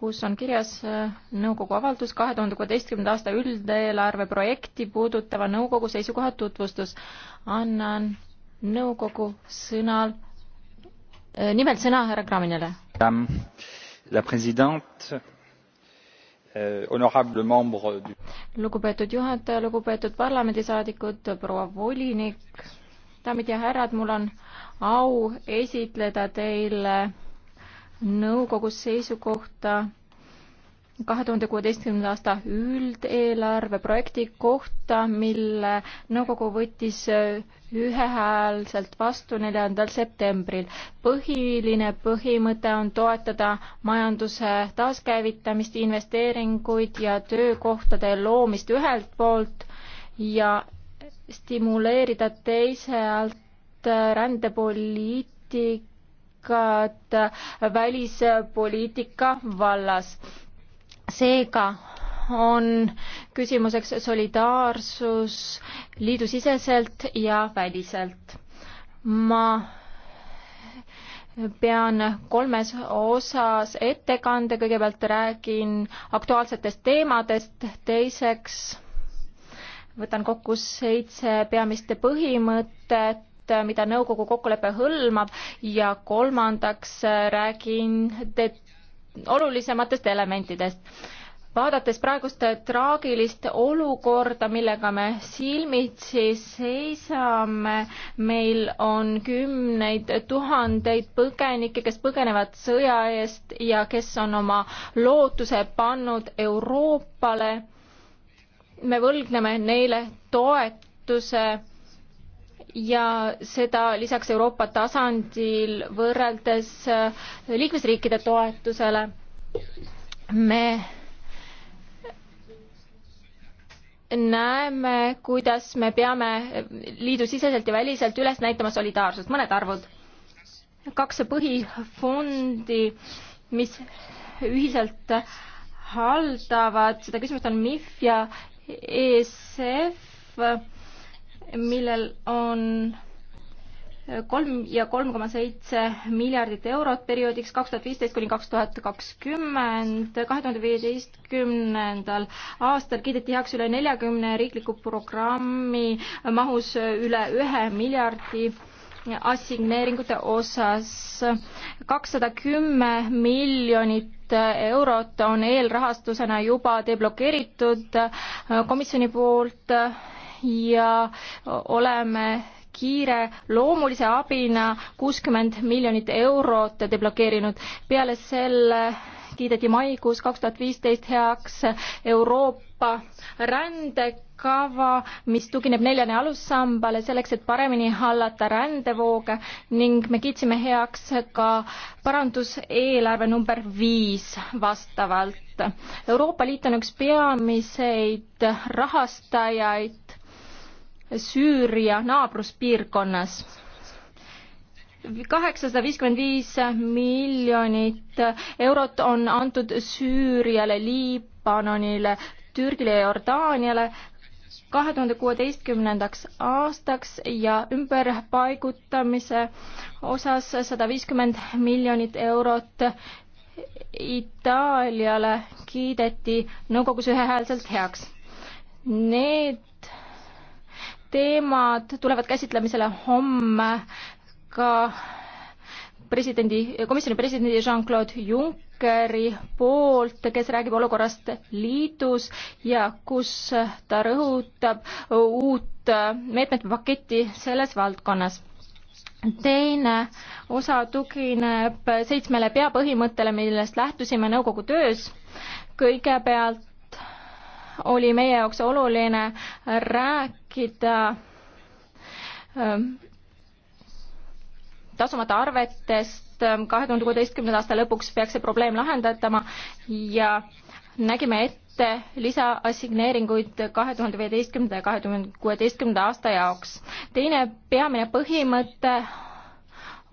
kus on kirjas äh, nõukogu avaldus kahe tuhande kuueteistkümnenda aasta üldeelarve projekti puudutava nõukogu seisukoha tutvustus. annan nõukogu sõnal, äh, nimelt sõna härra Kraminile. Euh, lugupeetud juhataja, lugupeetud parlamendisaadikud, proua volinik, daamid ja härrad, mul on au esitleda teile nõukogus seisukohta kahe tuhande kuueteistkümnenda aasta üldeelarve projekti kohta, mille nõukogu võttis ühehäälselt vastu neljandal septembril. põhiline põhimõte on toetada majanduse taaskäivitamist, investeeringuid ja töökohtade loomist ühelt poolt ja stimuleerida teisalt rändepoliitikat praktikat välispoliitika vallas. seega on küsimuseks solidaarsus liidusiseselt ja väliselt. ma pean kolmes osas ettekande, kõigepealt räägin aktuaalsetest teemadest, teiseks võtan kokku seitse peamiste põhimõtet, Äh, mida nõukogu kokkulepe hõlmab ja kolmandaks äh, räägin olulisematest elementidest vaadates praegust äh, traagilist olukorda, millega me silmitsi seisame, meil on kümneid tuhandeid põgenikke, kes põgenevad sõja eest ja kes on oma lootuse pannud Euroopale. me võlgneme neile toetuse ja seda lisaks Euroopa tasandil võrreldes äh, liikmesriikide toetusele. me näeme, kuidas me peame liidusiseselt ja väliselt üles näitama solidaarsust, mõned arvud. kaks põhifondi, mis ühiselt haldavad seda küsimust, on MIF ja ESF millel on kolm ja kolm koma seitse miljardit eurot perioodiks kaks tuhat viisteist kuni kaks tuhat kakskümmend. kahe tuhande viieteistkümnendal aastal kiideti heaks üle neljakümne riikliku programmi mahus üle ühe miljardi assigneeringute osas. kakssada kümme miljonit eurot on eelrahastusena juba deblokeeritud komisjoni poolt ja oleme kiire loomulise abina kuuskümmend miljonit eurot deblokeerinud. peale selle kiideti maikuus kaks tuhat viisteist heaks Euroopa rändekava, mis tugineb neljane alussambale selleks, et paremini hallata rändevooge ning me kiitsime heaks ka paranduseelarve number viis vastavalt. Euroopa Liit on üks peamiseid rahastajaid Süüria naabruspiirkonnas kaheksasada viiskümmend viis miljonit eurot on antud Süüriale, Liibanonile, Türgile ja Jordaaniale kahe tuhande kuueteistkümnendaks aastaks ja ümberpaigutamise osas sada viiskümmend miljonit eurot Itaaliale kiideti nõukogus ühehäälselt heaks. Need teemad tulevad käsitlemisele homme ka presidendi, komisjoni presidendi Jean-Claude Junckeri poolt, kes räägib olukorrast liidus ja kus ta rõhutab uut meetmete paketti selles valdkonnas. teine osa tugineb seitsmele peapõhimõttele, millest lähtusime nõukogu töös. kõigepealt oli meie jaoks oluline rääkida ähm, tasumata arvetest, ähm, kahe tuhande kuueteistkümnenda aasta lõpuks peaks see probleem lahendatama ja nägime ette lisaassigneeringuid kahe tuhande viieteistkümnenda ja kahe tuhande kuueteistkümnenda aasta jaoks. teine peamine põhimõte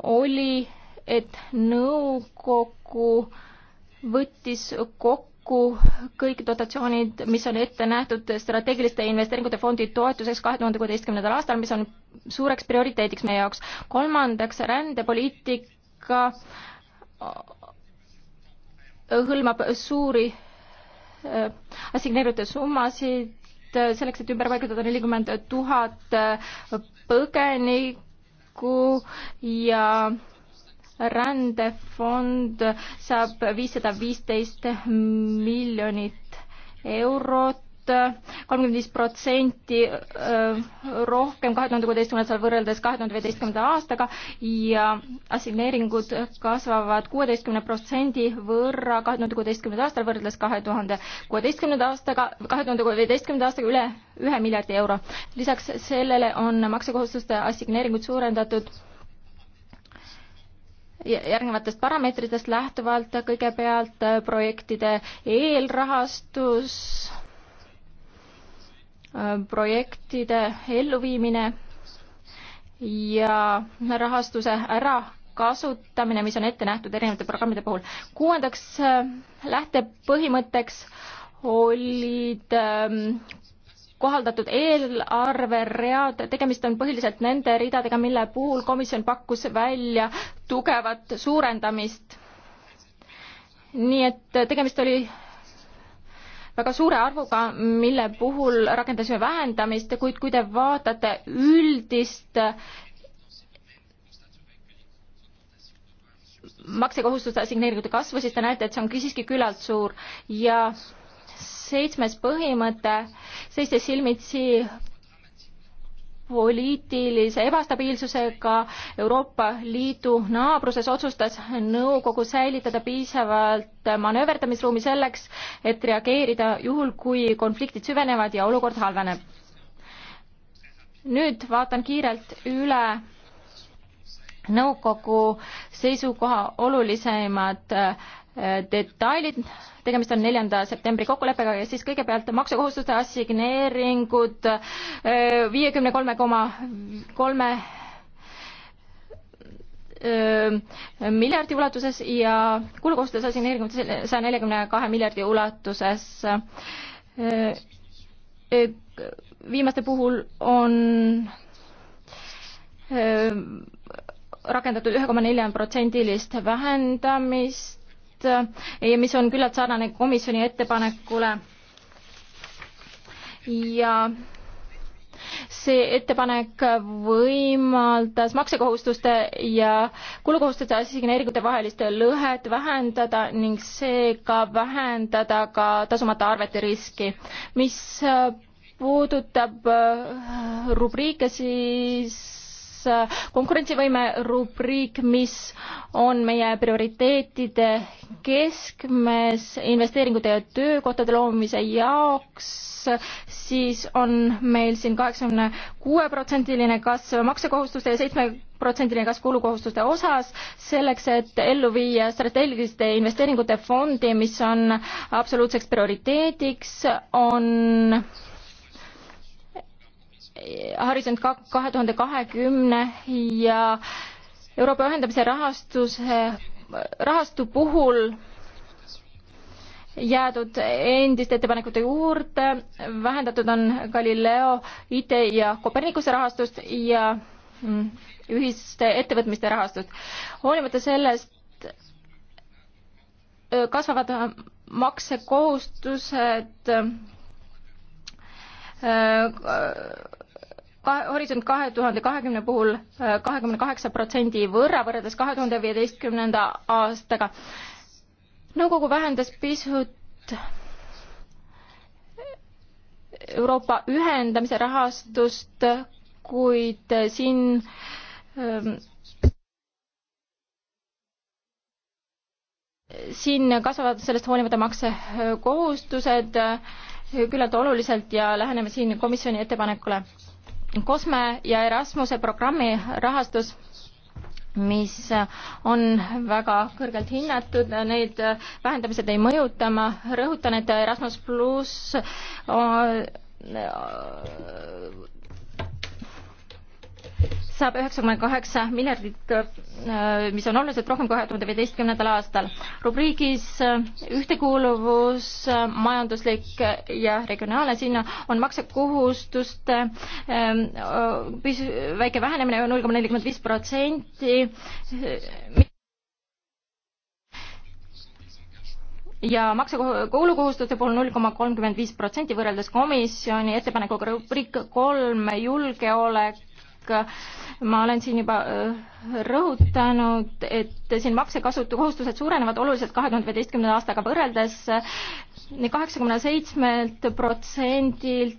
oli, et nõukogu võttis kokku kokku kõik dotatsioonid, mis on ette nähtud strateegiliste investeeringute fondi toetuseks kahe tuhande kuueteistkümnendal aastal, mis on suureks prioriteediks meie jaoks. kolmandaks, rändepoliitika hõlmab suuri äh, assigneeritud summasid selleks, et ümber paigutada nelikümmend tuhat äh, põgenikku ja rändefond saab viissada viisteist miljonit eurot kolmkümmend viis protsenti rohkem kahe tuhande kuueteistkümnendal võrreldes kahe tuhande viieteistkümnenda aastaga ja assigneeringud kasvavad kuueteistkümne protsendi võrra kahe tuhande kuueteistkümnendal aastal võrreldes kahe tuhande kuueteistkümnenda aastaga, kahe tuhande viieteistkümnenda aastaga üle ühe miljardi euro. lisaks sellele on maksekohustuste assigneeringud suurendatud järgnevatest parameetritest lähtuvalt, kõigepealt äh, projektide eelrahastus, äh, projektide elluviimine ja rahastuse ärakasutamine, mis on ette nähtud erinevate programmide puhul. kuuendaks äh, lähtepõhimõtteks olid ähm, kohaldatud eelarveread, tegemist on põhiliselt nende ridadega, mille puhul komisjon pakkus välja tugevat suurendamist. nii et tegemist oli väga suure arvuga, mille puhul rakendasime vähendamist, kuid kui te vaatate üldist maksekohustuste assigneeringute kasvu, siis te näete, et see on siiski küllalt suur ja seitsmes põhimõte, seistes silmitsi poliitilise ebastabiilsusega Euroopa Liidu naabruses otsustas nõukogu säilitada piisavalt manööverdamisruumi selleks, et reageerida juhul, kui konfliktid süvenevad ja olukord halveneb. nüüd vaatan kiirelt üle nõukogu seisukoha olulisemad Äh, detailid, tegemist on neljanda septembri kokkuleppega ja siis kõigepealt maksukohustuste assigneeringud äh, viiekümne kolme koma kolme äh, miljardi ulatuses ja kulukohustuste assigneeringud saja neljakümne kahe miljardi ulatuses. viimaste puhul on rakendatud ühe koma nelja protsendilist vähendamist tekst, eh, mis on küllalt sarnane komisjoni ettepanekule. ja see ettepanek võimaldas maksekohustuste ja kulukohustuste assigneeringute vahelist lõhet vähendada ning seega vähendada ka tasumata arvete riski, mis puudutab eh, rubriike, siis konkurentsivõime rubriik, mis on meie prioriteetide keskmes investeeringute ja töökohtade loomise jaoks, siis on meil siin kaheksakümne kuue protsendiline kasv maksekohustuste ja seitsme protsendiline kasv kulukohustuste osas, selleks et ellu viia strateegiliste investeeringute fondi, mis on absoluutseks prioriteediks, on Horisont kahe tuhande kahekümne ja Euroopa ühendamise rahastuse, rahastu puhul jäädud endiste ettepanekute juurde, vähendatud on Galileo, ITE ja Kopernikuse rahastust ja mm, ühiste ettevõtmiste rahastust. hoolimata sellest kasvavad maksekohustused Horisont kahe tuhande kahekümne puhul äh, kahekümne kaheksa protsendi võrra võrreldes kahe tuhande viieteistkümnenda aastaga. nõukogu vähendas pisut Euroopa ühendamise rahastust, kuid siin ähm, siin kasvavad sellest hoolimata maksekohustused äh, küllalt oluliselt ja läheneme siin komisjoni ettepanekule Kosme ja Erasmuse programmi rahastus mis on väga kõrgelt hinnatud, neid vähendamised ei mõjuta, ma rõhutan, et Erasmus pluss äh, saab üheksakümmend kaheksa miljardit, äh, mis on oluliselt rohkem kahe tuhande viieteistkümnendal aastal. rubriigis äh, ühtekuuluvus, äh, majanduslik ja regionaalne, sinna on maksekohustuste ähm, väike vähenemine null koma nelikümmend viis protsenti ja maksekohulukohustuste puhul null koma kolmkümmend viis protsenti võrreldes komisjoni ettepanekuga rubriik kolm julgeolek Äh, ma olen siin juba äh, rõhutanud, et siin maksekasutu kohustused suurenevad oluliselt kahe tuhande üheteistkümnenda aastaga võrreldes kaheksakümne äh, seitsmelt protsendilt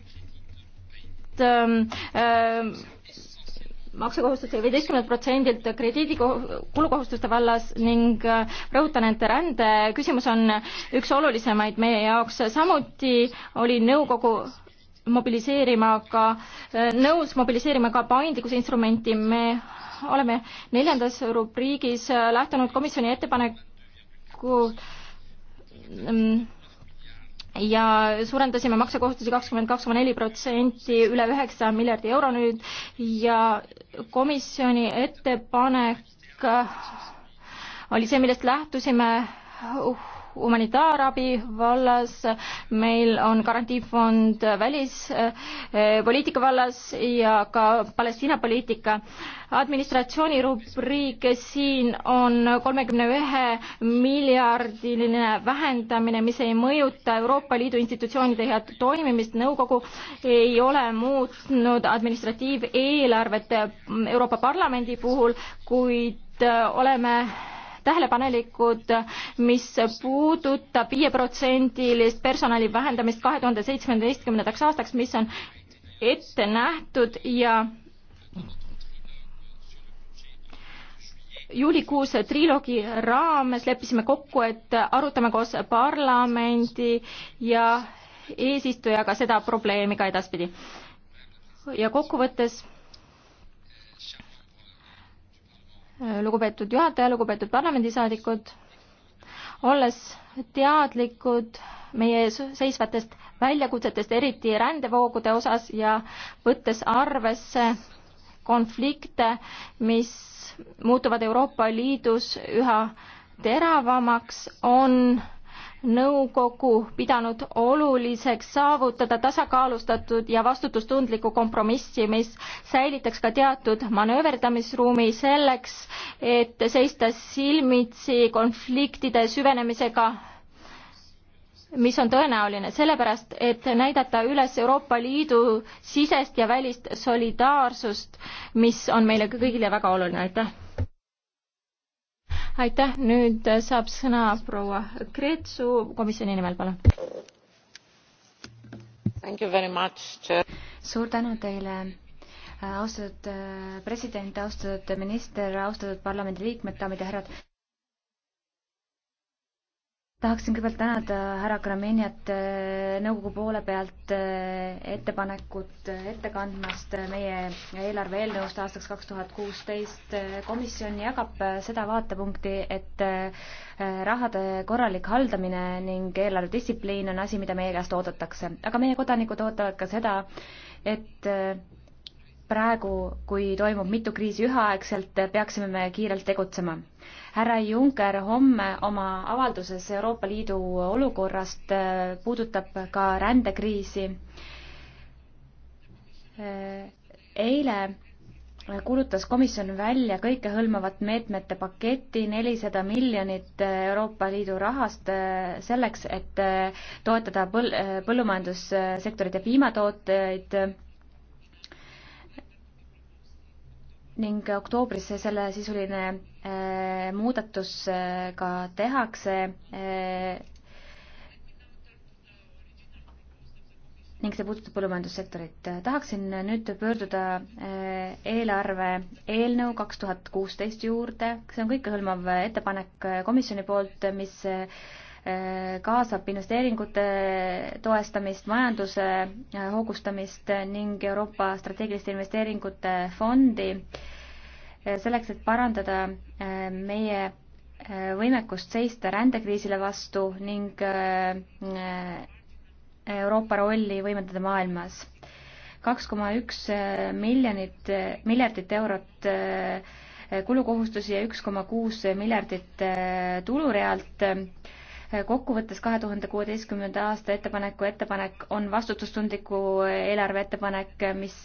ähm, maksukohustuste viieteistkümnelt protsendilt krediidi kulukohustuste vallas ning rõhutan, et rändeküsimus on üks olulisemaid meie jaoks. samuti oli nõukogu mobiliseerima ka, äh, nõus mobiliseerima ka paindlikkuse instrumenti, me oleme neljandas rubriigis äh, lähtunud komisjoni ettepaneku mm, ja suurendasime maksekohustusi kakskümmend kaks koma neli protsenti üle üheksa miljardi euro nüüd ja komisjoni ettepanek äh, oli see, millest lähtusime uh, humanitaarabi vallas, meil on garantiifond välispoliitika eh, vallas ja ka Palestiina poliitika. administratsiooni rubriik siin on kolmekümne ühe miljardiline vähendamine, mis ei mõjuta Euroopa Liidu institutsioonide head toimimist, nõukogu ei ole muutnud administratiiveelarvet Euroopa Parlamendi puhul, kuid eh, oleme tähelepanelikud, mis puudutab viieprotsendilist personali vähendamist kahe tuhande seitsmeteistkümnendaks aastaks, mis on ette nähtud ja juulikuus triloogi raames leppisime kokku, et arutame koos parlamendi ja eesistujaga seda probleemi ka edaspidi. ja kokkuvõttes Äh, lugupeetud juhataja, lugupeetud parlamendisaadikud, olles teadlikud meie ees seisvatest väljakutsetest, eriti rändevoogude osas ja võttes arvesse konflikte, mis muutuvad Euroopa Liidus üha teravamaks, on nõukogu pidanud oluliseks saavutada tasakaalustatud ja vastutustundlikku kompromissi, mis säilitaks ka teatud manööverdamisruumi selleks, et seista silmitsi konfliktide süvenemisega mis on tõenäoline, sellepärast et näidata üles Euroopa Liidu sisest ja välist solidaarsust, mis on meile kõigile väga oluline, aitäh! aitäh, nüüd saab sõna proua Kreetsu komisjoni nimel, palun. suur tänu teile, austatud president, austatud minister, austatud parlamendiliikmed, daamid ja härrad tahaksin kõigepealt tänada härra Krameniat äh, nõukogu poole pealt äh, ettepanekut äh, ette kandmast meie eelarve eelnõust aastaks kaks tuhat kuusteist. komisjon jagab seda vaatepunkti, et rahade korralik haldamine ning eelarvedistsipliin on asi, mida meie käest oodatakse, aga meie kodanikud ootavad ka seda, et praegu, kui toimub mitu kriisi üheaegselt, peaksime me kiirelt tegutsema. härra Juncker homme oma avalduses Euroopa Liidu olukorrast äh, puudutab ka rändekriisi. Äh, eile kuulutas komisjon välja kõikehõlmavat meetmete paketti nelisada miljonit Euroopa Liidu rahast äh, selleks, et toetada põl-, põllumajandussektorit ja piimatooteid ning oktoobris selle sisuline äh, muudatus äh, ka tehakse äh, ning see puudutab põllumajandussektorit. tahaksin nüüd pöörduda eelarve eelnõu kaks tuhat kuusteist juurde, see on kõikehõlmav ettepanek komisjoni poolt, mis kaasab investeeringute toestamist, majanduse äh, hoogustamist ning Euroopa strateegiliste investeeringute fondi äh, selleks, et parandada äh, meie võimekust seista rändekriisile vastu ning Euroopa rolli võimendada maailmas. kaks koma üks miljonit, miljardit eurot kulukohustusi ja üks koma kuus miljardit tulurealt kokkuvõttes kahe tuhande kuueteistkümnenda aasta ettepaneku ettepanek on vastutustundliku eelarve ettepanek, mis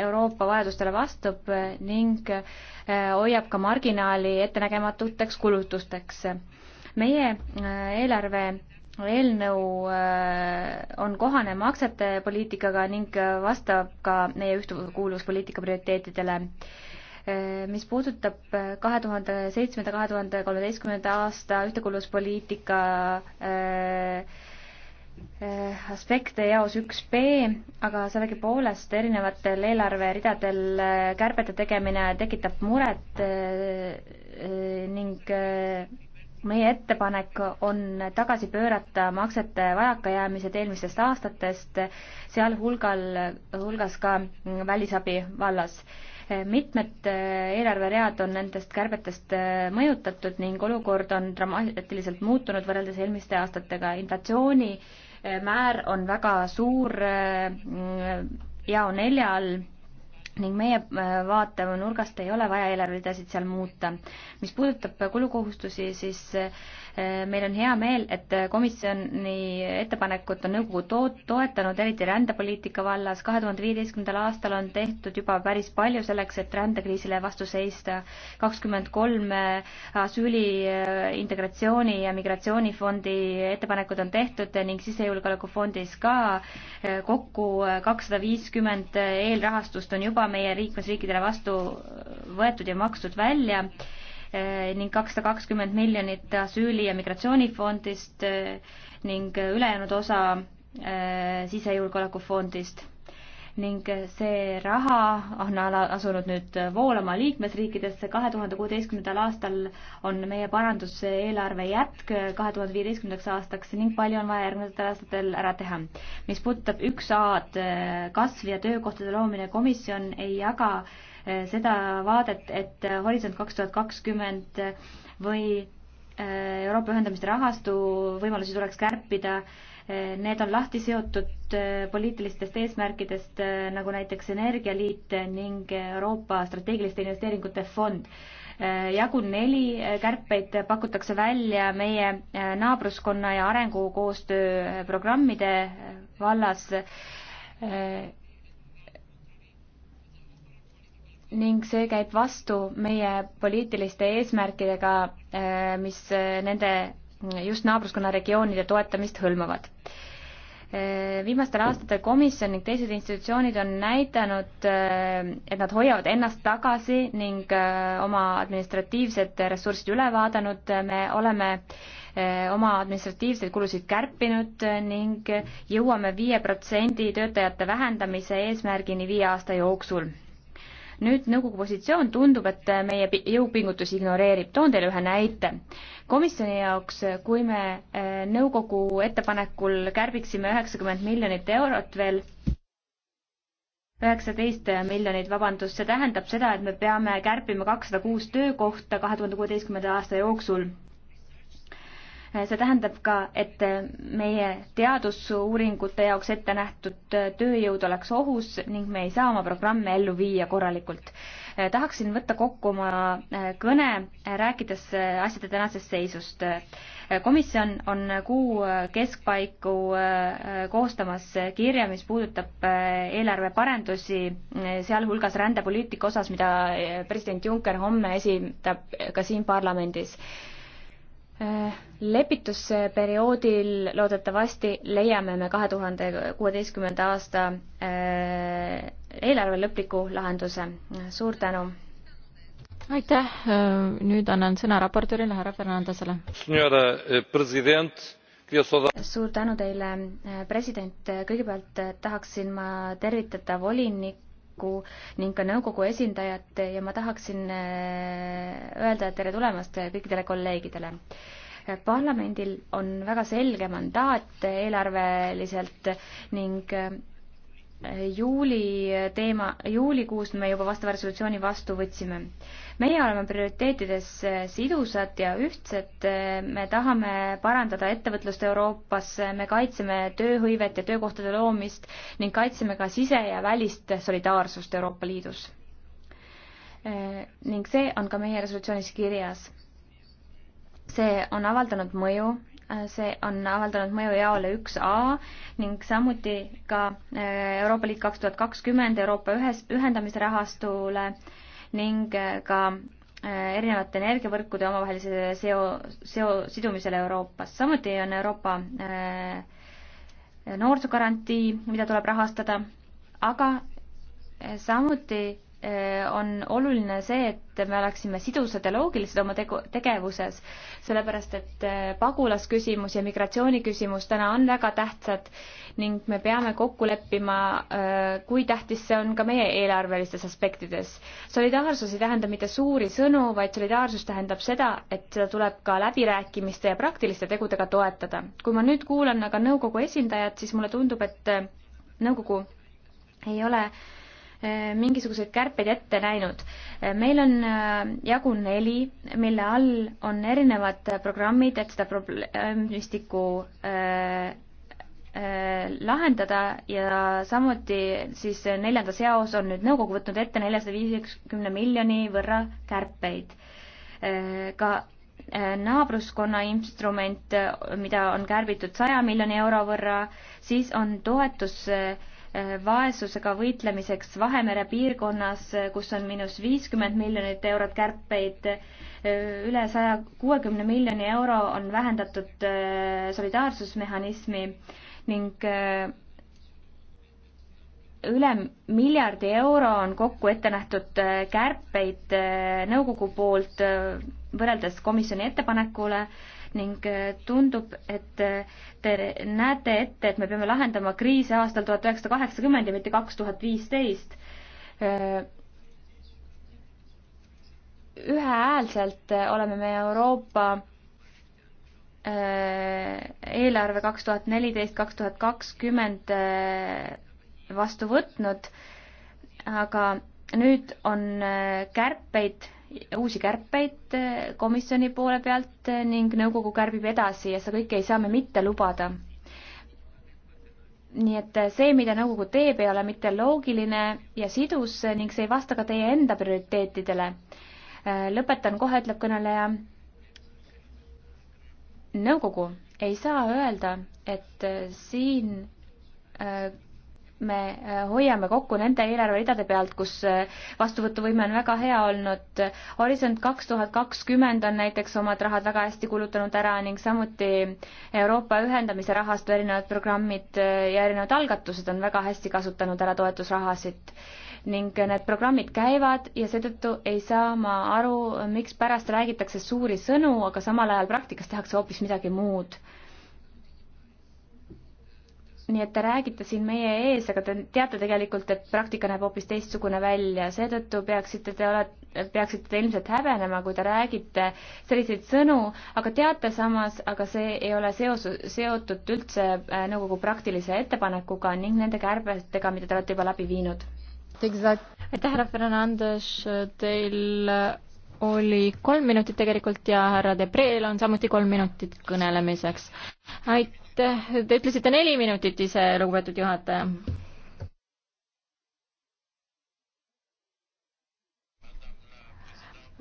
Euroopa vajadustele vastab ning äh, hoiab ka marginaali ettenägematuteks kulutusteks. meie äh, eelarve eelnõu äh, on kohane maksete poliitikaga ning vastab ka meie ühtekuuluvuspoliitika prioriteetidele. Äh, mis puudutab äh, kahe tuhande seitsmenda, kahe tuhande kolmeteistkümnenda aasta ühtekuuluvuspoliitika äh, aspekte jaos üks B, aga sellegipoolest erinevatel eelarveridadel kärbete tegemine tekitab muret ning meie ettepanek on tagasi pöörata maksete vajakajäämised eelmistest aastatest, sealhulgal, hulgas ka välisabi vallas mitmed äh, eelarveread on nendest kärbetest äh, mõjutatud ning olukord on dramaatiliselt muutunud võrreldes eelmiste aastatega. inflatsiooni äh, määr on väga suur mm, jao nelja all ning meie vaatenurgast ei ole vaja eelarveredasid seal muuta. mis puudutab kulukohustusi, siis Äh, meil on hea meel, et äh, komisjoni ettepanekut on nõukogu to-, toetanud, eriti rändepoliitika vallas. kahe tuhande viieteistkümnendal aastal on tehtud juba päris palju selleks, et rändekriisile vastu seista. kakskümmend kolm äh, asüüli, integratsiooni ja migratsioonifondi ettepanekud on tehtud ning sisejulgeolekufondis ka kokku kakssada viiskümmend eelrahastust on juba meie liikmesriikidele vastu võetud ja makstud välja välja Eh, ning kakssada kakskümmend miljonit asüüli- ja migratsioonifondist eh, ning ülejäänud osa eh, sisejulgeolekufondist ning see raha on asunud nüüd voolama liikmesriikidesse. kahe tuhande kuueteistkümnendal aastal on meie paranduseelarve jätk kahe tuhande viieteistkümnendaks aastaks ning palju on vaja järgnevatel aastatel ära teha. mis puudutab üks A-d, kasv ja töökohtade loomine, komisjon ei jaga äh, Eh, seda vaadet, et eh, Horisont kaks tuhat kakskümmend eh, või Euroopa ühendamiste rahastu võimalusi tuleks kärpida. Need on lahti seotud poliitilistest eesmärkidest, nagu näiteks Energialiit ning Euroopa strateegiliste investeeringute fond jagu neli kärpeid pakutakse välja meie naabruskonna ja arengukoostöö programmide vallas ning see käib vastu meie poliitiliste eesmärkidega, äh, mis äh, nende just naabruskonna regioonide toetamist hõlmavad. Äh, viimastel aastatel komisjon ning teised institutsioonid on näidanud, et nad hoiavad ennast tagasi ning oma administratiivsed ressursid üle vaadanud, me oleme oma administratiivseid kulusid kärpinud ning jõuame viie protsendi töötajate vähendamise eesmärgini viie aasta jooksul nüüd nõukogu positsioon tundub, et meie jõupingutusi ignoreerib. toon teile ühe näite. komisjoni jaoks, kui me äh, nõukogu ettepanekul kärbiksime üheksakümmend miljonit eurot veel, üheksateist miljonit, vabandust, see tähendab seda, et me peame kärpima kakssada kuus töökohta kahe tuhande kuueteistkümnenda aasta jooksul see tähendab ka, et meie teadusuuringute jaoks ette nähtud tööjõud oleks ohus ning me ei saa oma programme ellu viia korralikult. tahaksin võtta kokku oma kõne, rääkides asjade tänasest seisust. komisjon on kuu keskpaiku koostamas kirja, mis puudutab eelarve parendusi, sealhulgas rändepoliitika osas, mida president Juncker homme esitab ka siin parlamendis Äh, lepitusperioodil loodetavasti leiame me kahe tuhande kuueteistkümnenda aasta äh, eelarve lõpliku lahenduse. suur tänu! aitäh, äh, nüüd annan sõna raportöörile härra Fernandesele. suur tänu teile, president, kõigepealt tahaksin ma tervitada volinik nõunikku ning ka nõukogu esindajat ja ma tahaksin äh, öelda tere tulemast äh, kõikidele kolleegidele. parlamendil on väga selge mandaat äh, eelarveliselt ning juuli teema, juulikuus me juba vastava resolutsiooni vastu võtsime. meie oleme prioriteetides eh, sidusad ja ühtsed, me tahame parandada ettevõtlust Euroopas, me kaitseme tööhõivet ja töökohtade loomist ning kaitseme ka sise- ja välist solidaarsust Euroopa Liidus. Eh, ning see on ka meie resolutsioonis kirjas. see on avaldanud mõju Äh, see on avaldanud mõju jaole üks A ning samuti ka äh, Euroopa Liit kaks tuhat kakskümmend Euroopa ühes, ühendamise rahastule ning äh, ka erinevate energiavõrkude omavahelise seo, seo, sidumisele Euroopas. samuti on Euroopa noorsoogarantii, mida tuleb rahastada, aga samuti Äh, on oluline see, et me oleksime sidusad ja loogilised oma tegu, tegevuses, sellepärast et äh, pagulasküsimus ja migratsiooniküsimus täna on väga tähtsad ning me peame kokku leppima, äh, kui tähtis see on ka meie eelarvelistes aspektides. solidaarsus ei tähenda mitte suuri sõnu, vaid solidaarsus tähendab seda, et seda tuleb ka läbirääkimiste ja praktiliste tegudega toetada. kui ma nüüd kuulan aga nõukogu esindajat, siis mulle tundub, et nõukogu ei ole äh, Eh, mingisuguseid kärpeid ette näinud. Eh, meil on eh, jagu neli, mille all on erinevad programmid, et seda probleemistikku lahendada ja samuti siis neljandas jaos on nüüd nõukogu võtnud ette neljasaja viiekümne miljoni võrra kärpeid. ka naabruskonna instrument, mida on kärbitud saja miljoni euro võrra, siis on toetus äh, Äh, vaesusega võitlemiseks Vahemere piirkonnas, kus on miinus viiskümmend miljonit eurot kärpeid, äh, üle saja kuuekümne miljoni euro on vähendatud äh, solidaarsusmehhanismi ning üle miljardi euro on kokku ette nähtud kärpeid nõukogu poolt võrreldes komisjoni ettepanekule ning äh, tundub, et äh, te näete ette, et me peame lahendama kriise aastal tuhat üheksasada kaheksakümmend ja mitte kaks tuhat viisteist. Äh, ühehäälselt oleme me Euroopa eelarve kaks tuhat neliteist, kaks tuhat kakskümmend vastu võtnud, aga nüüd on kärpeid uusi kärpeid äh, komisjoni poole pealt äh, ning nõukogu kärbib edasi ja seda kõike ei saa me mitte lubada. nii et äh, see, mida nõukogu teeb, ei ole mitte loogiline ja sidus ning see ei vasta ka teie enda prioriteetidele. lõpetan kohe, ütleb kõneleja. nõukogu ei saa öelda, et siin me äh, hoiame kokku nende eelarveridade pealt, kus äh, vastuvõtuvõime on väga hea olnud. Horisont kaks tuhat kakskümmend on näiteks omad rahad väga hästi kulutanud ära ning samuti Euroopa ühendamise rahastu erinevad programmid äh, ja erinevad algatused on väga hästi kasutanud ära toetusrahasid ning need programmid käivad ja seetõttu ei saa ma aru, mikspärast räägitakse suuri sõnu, aga samal ajal praktikas tehakse hoopis midagi muud nii et te räägite siin meie ees, aga te teate tegelikult, et praktika näeb hoopis teistsugune välja, seetõttu peaksite te ole, peaksite te ilmselt häbenema, kui te räägite selliseid sõnu, aga teate samas, aga see ei ole seos, seotud üldse äh, nõukogu praktilise ettepanekuga ning nende kärbetega, mida te olete juba läbi viinud. aitäh, härra Fernandes, teil äh, oli kolm minutit tegelikult ja härra Debreel on samuti kolm minutit kõnelemiseks. aitäh te ütlesite neli minutit ise, lugupeetud juhataja.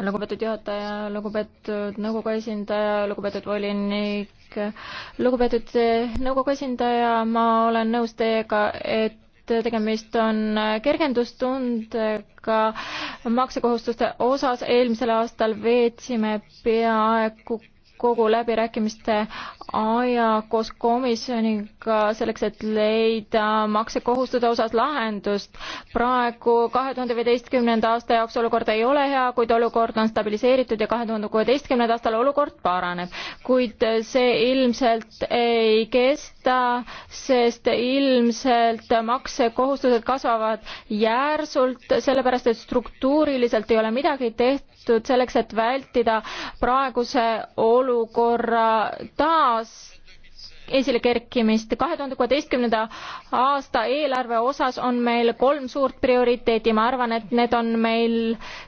lugupeetud juhataja, lugupeetud nõukogu esindaja, lugupeetud volinik, lugupeetud nõukogu esindaja, ma olen nõus teiega, et tegemist on kergendustundega maksekohustuste osas. eelmisel aastal veetsime peaaegu kogu läbirääkimiste aja koos komisjoniga selleks, et leida maksekohustuste osas lahendust. praegu kahe tuhande viieteistkümnenda aasta jaoks olukord ei ole hea, kuid olukord on stabiliseeritud ja kahe tuhande kuueteistkümnendal aastal olukord paraneb. kuid see ilmselt ei kesta, sest ilmselt maksekohustused kasvavad järsult, sellepärast et struktuuriliselt ei ole midagi tehtud selleks, et vältida praeguse olu-, olukorra taas esile kerkimist. kahe tuhande kuueteistkümnenda aasta eelarve osas on meil kolm suurt prioriteeti, ma arvan, et need on meil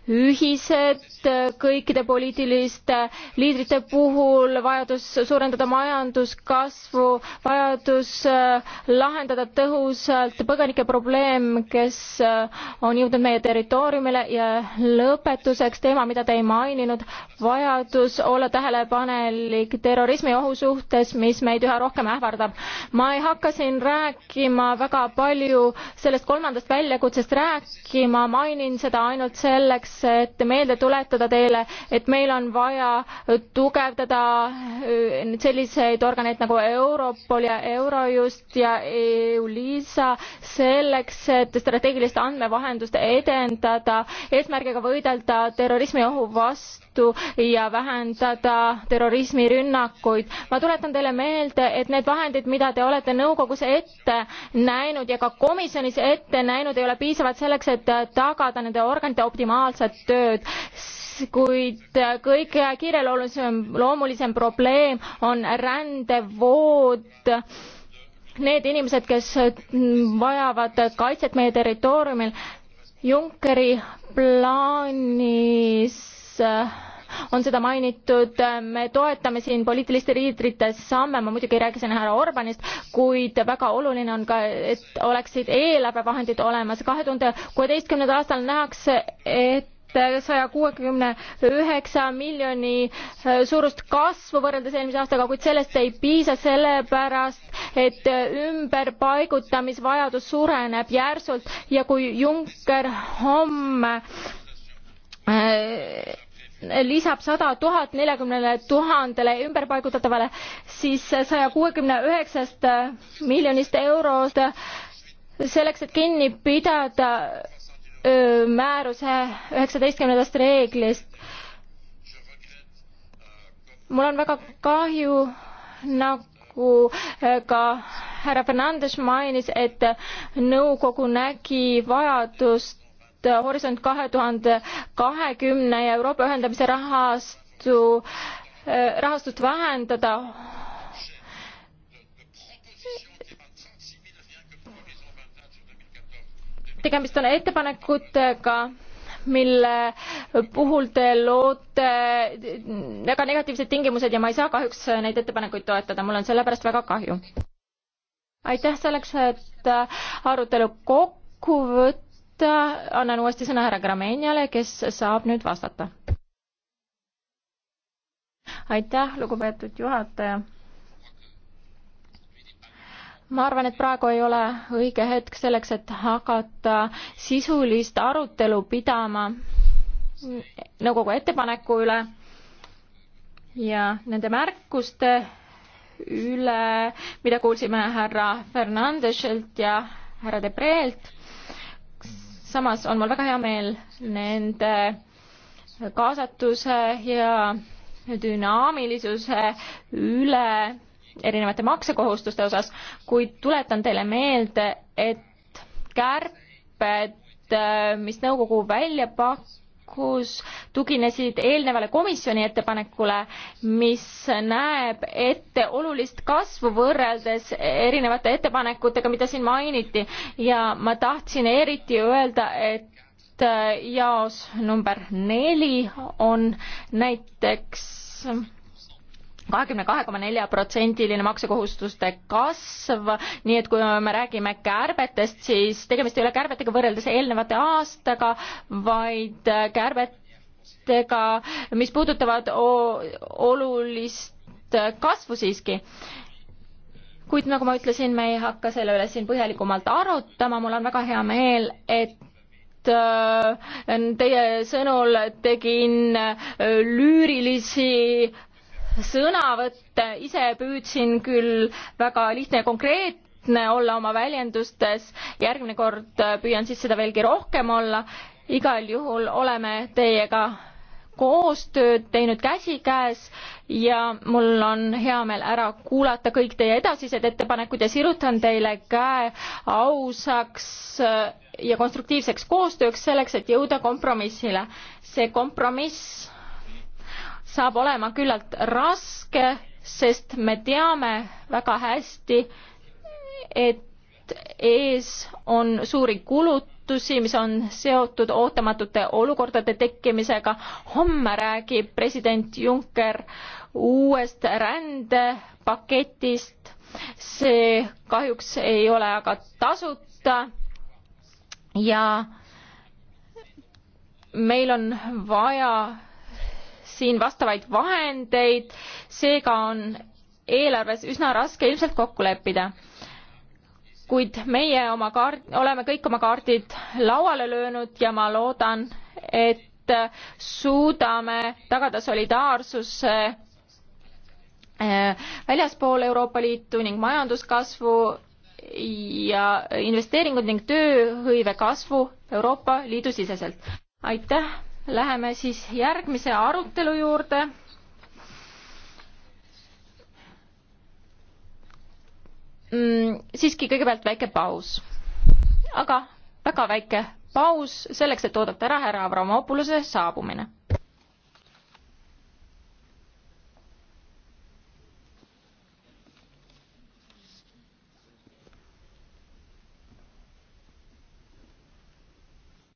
ühised kõikide poliitiliste liidrite puhul, vajadus suurendada majanduskasvu, vajadus äh, lahendada tõhusalt põgenike probleem, kes äh, on jõudnud meie territooriumile ja lõpetuseks teema, mida te ei maininud, vajadus olla tähelepanelik terrorismiohu suhtes, mis meid üha rohkem rohkem ähvardab. ma ei hakka siin rääkima väga palju sellest kolmandast väljakutsest rääkima, mainin seda ainult selleks, et meelde tuletada teile, et meil on vaja tugevdada äh, selliseid organeid nagu Europol ja Eurojust ja EULISA selleks, et strateegilist andmevahendust edendada eesmärgiga võidelda terrorismiohu vastu Liitu ja vähendada terrorismirünnakuid. ma tuletan teile meelde, et need vahendid, mida te olete nõukogus ette näinud ja ka komisjonis ette näinud, ei ole piisavad selleks, et tagada nende organite optimaalset tööd kuid kõige kiireloomulisem, loomulisem probleem on rändevood. Need inimesed, kes vajavad kaitset meie territooriumil, Junckeri plaanis äh, on seda mainitud, me toetame siin poliitiliste liidrite samme, ma muidugi ei räägi siin härra Orbanist, kuid väga oluline on ka, et oleksid eelarvevahendid olemas. kahe tuhande kuueteistkümnendal aastal nähakse, et saja kuuekümne üheksa miljoni äh, suurust kasvu võrreldes eelmise aastaga, kuid sellest ei piisa, sellepärast et äh, ümberpaigutamisvajadus suureneb järsult ja kui Juncker homme äh, lisab sada tuhat neljakümnele tuhandele ümberpaigutatavale, siis saja kuuekümne üheksast miljonist eurost selleks, et kinni pidada määruse üheksateistkümnendast reeglist. mul on väga kahju, nagu ka härra Fernandes mainis, et nõukogu nägi vajadust Horisont kahe tuhande kahekümne ja Euroopa ühendamise rahastu, rahastust vähendada. tegemist on ettepanekutega mille puhul te loote väga negatiivsed tingimused ja ma ei saa kahjuks neid ettepanekuid toetada, mul on selle pärast väga kahju. aitäh selleks, et arutelu kokku võtta et äh, annan uuesti sõna härra Gramenjale, kes saab nüüd vastata. aitäh, lugupeetud juhataja. ma arvan, et praegu ei ole õige hetk selleks, et hakata sisulist arutelu pidama nõukogu ettepaneku üle ja nende märkuste üle, mida kuulsime härra Fernandeselt ja härra Debreelt samas on mul väga hea meel nende kaasatuse ja dünaamilisuse üle erinevate maksekohustuste osas, kuid tuletan teile meelde, et kärped, mis nõukogu välja pakkus, ettepanekus tuginesid eelnevale komisjoni ettepanekule, mis näeb ette olulist kasvu võrreldes erinevate ettepanekutega, mida siin mainiti ja ma tahtsin eriti öelda, et äh, jaos number neli on näiteks kahekümne kahe koma nelja protsendiline maksekohustuste kasv, nii et kui me räägime kärbetest, siis tegemist ei ole kärbetega võrreldes eelnevate aastaga, vaid kärbetega, mis puudutavad olulist kasvu siiski kuid nagu ma ütlesin, me ei hakka selle üle siin põhjalikumalt arutama, mul on väga hea meel, et äh, teie sõnul tegin äh, lüürilisi sõnavõtte, ise püüdsin küll väga lihtne ja konkreetne olla oma väljendustes, järgmine kord püüan siis seda veelgi rohkem olla. igal juhul oleme teiega koostööd teinud käsikäes ja mul on hea meel ära kuulata kõik teie edasised ettepanekud ja sirutan teile käe ausaks ja konstruktiivseks koostööks selleks, et jõuda kompromissile. see kompromiss saab olema küllalt raske, sest me teame väga hästi, et ees on suuri kulutusi, mis on seotud ootamatute olukordade tekkimisega. homme räägib president Juncker uuest rändepaketist. see kahjuks ei ole aga tasuta ja meil on vaja siin vastavaid vahendeid, seega on eelarves üsna raske ilmselt kokku leppida. kuid meie oma kaart, oleme kõik oma kaardid lauale löönud ja ma loodan, et suudame tagada solidaarsuse äh, väljaspool Euroopa Liitu ning majanduskasvu ja investeeringud ning tööhõive kasvu Euroopa Liidu siseselt. aitäh! Läheme siis järgmise arutelu juurde. Mm, siiski kõigepealt väike paus, aga väga väike paus selleks, et oodata ära härra Avramopoluse saabumine